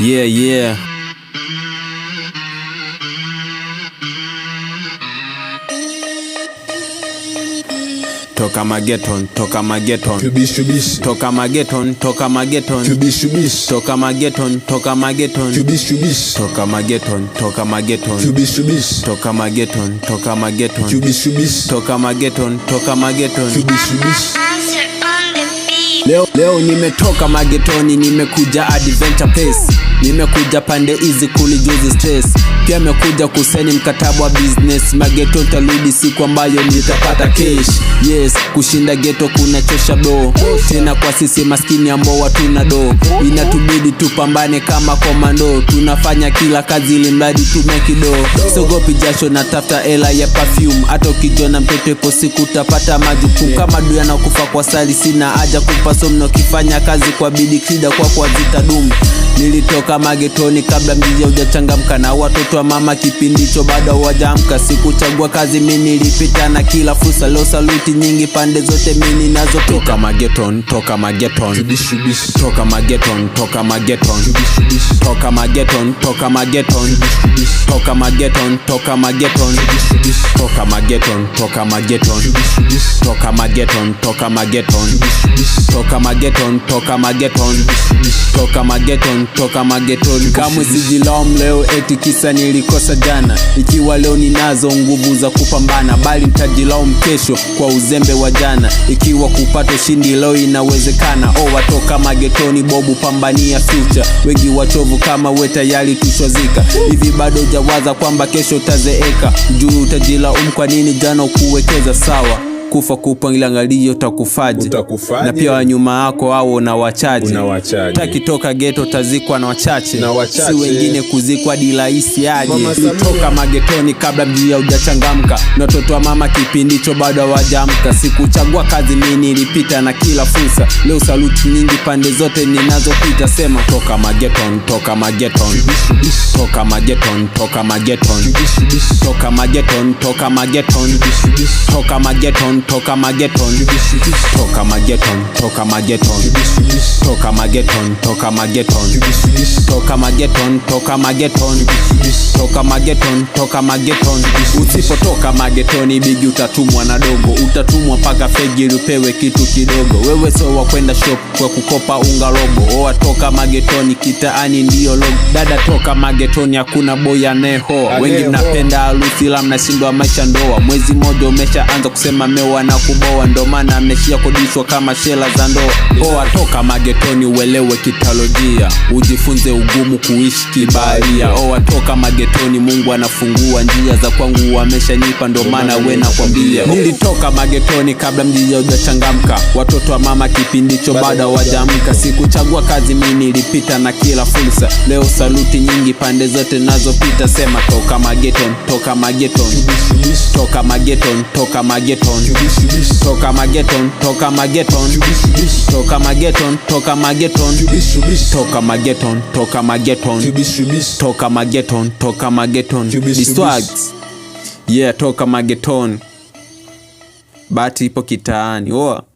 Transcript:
Yeah, yeah. Toka mageton, toka mageton. Tubishubish. Toka mageton, toka mageton. Tubishubish. Toka mageton, toka mageton. Tubishubish. Toka mageton, toka mageton. Tubishubish. Toka mageton, toka mageton. Tubishubish. Toka mageton, toka mageton. Tubishubish. Leo, leo nimetoka magetoni, nimekuja adventure pace nimekuja pande hizi kulijuzi stress pia amekuja kuseni mkataba wa business mageto ntarudi siku ambayo nitapata cash yes kushinda geto kuna chosha do tena kwa sisi maskini ambao watuna do inatubidi tupambane kama komando tunafanya kila kazi ili mradi tumekido sogopi jasho na tafta ela ya perfume hata ukijona mtoto ipo siku utapata majukumu kama duya na kufa kwa sali sina haja kupa somno kifanya kazi kwa bidi kida kwa kwa zitadumu Nilitoka magetoni kabla mjiji hujachangamka na watoto wa mama kipindi hicho bado hawajaamka. Sikuchagua kazi, mi nilipita na kila fursa. Leo saluti nyingi pande zote mi ninazotoka. Toka mageton, toka mageton, toka mageton, toka mageton, toka mageton, toka mageton, toka mageton, toka mageton, toka mageton, toka mageton, toka mageton, toka mageton, toka mageton, toka mageton, toka mageton kutoka magetoni. Kamwe sijilaumu leo eti kisa nilikosa jana, ikiwa leo ninazo nguvu za kupambana, bali nitajilaumu kesho kwa uzembe wa jana. Ikiwa kupata ushindi leo inawezekana, o oh, watoka magetoni, bobu pambania ficha, wengi wachovu kama we tayari tushozika. Hivi bado jawaza kwamba kesho utazeeka, juu utajilaum kwa nini jana ukuwekeza sawa kufa kuupangilangalio utakufaje, na pia wanyuma yako au unawachaje? Takitoka geto tazikwa na wachache, si wengine kuzikwa dilaisi aje. Toka magetoni kabla mjia haujachangamka, na watoto wa mama kipindicho bado hawajamka Sikuchagua kazi mimi, nilipita na kila fursa. Leo saluti nyingi pande zote ninazopita, sema toka mageton toka mageton toka mageton toka mageton toka mageton toka mageton toka mageton toka mageton, toka mageton, toka mageton, toka mageton, toka mageton, toka mageton, toka mageton, toka mageton, toka mageton. Usipotoka magetoni bigi, utatumwa na dogo, utatumwa mpaka fejiri upewe kitu kidogo. Wewe sio wa kwenda shop kwa kukopa unga robo. Oa toka magetoni, kitaani ndiyo logo. Dada toka magetoni, hakuna boy anehoa. Wengi mnapenda harusi, la mnashindwa maisha ndoa. Mwezi mmoja umeshaanza kusema meo kudoa na kuboa, ndo maana ameshia kodishwa kama shela za ndoo. Poa, toka magetoni uelewe kitalojia, ujifunze ugumu kuishi kibaria Oa, toka magetoni, Mungu anafungua njia za kwangu, ameshanipa ndo maana we nakwambia. Nilitoka magetoni kabla mjija ujachangamka watoto wa mama kipindicho bado wajamka. Sikuchagua kazi mimi, nilipita na kila fursa. Leo saluti nyingi pande zote nazopita, sema toka magetoni, toka magetoni, toka magetoni, toka magetoni toka mageton toka toka mageton toka mageton mageton toka mageton toka mageton toka yeah toka mageton bati ipo kitaani oa oh.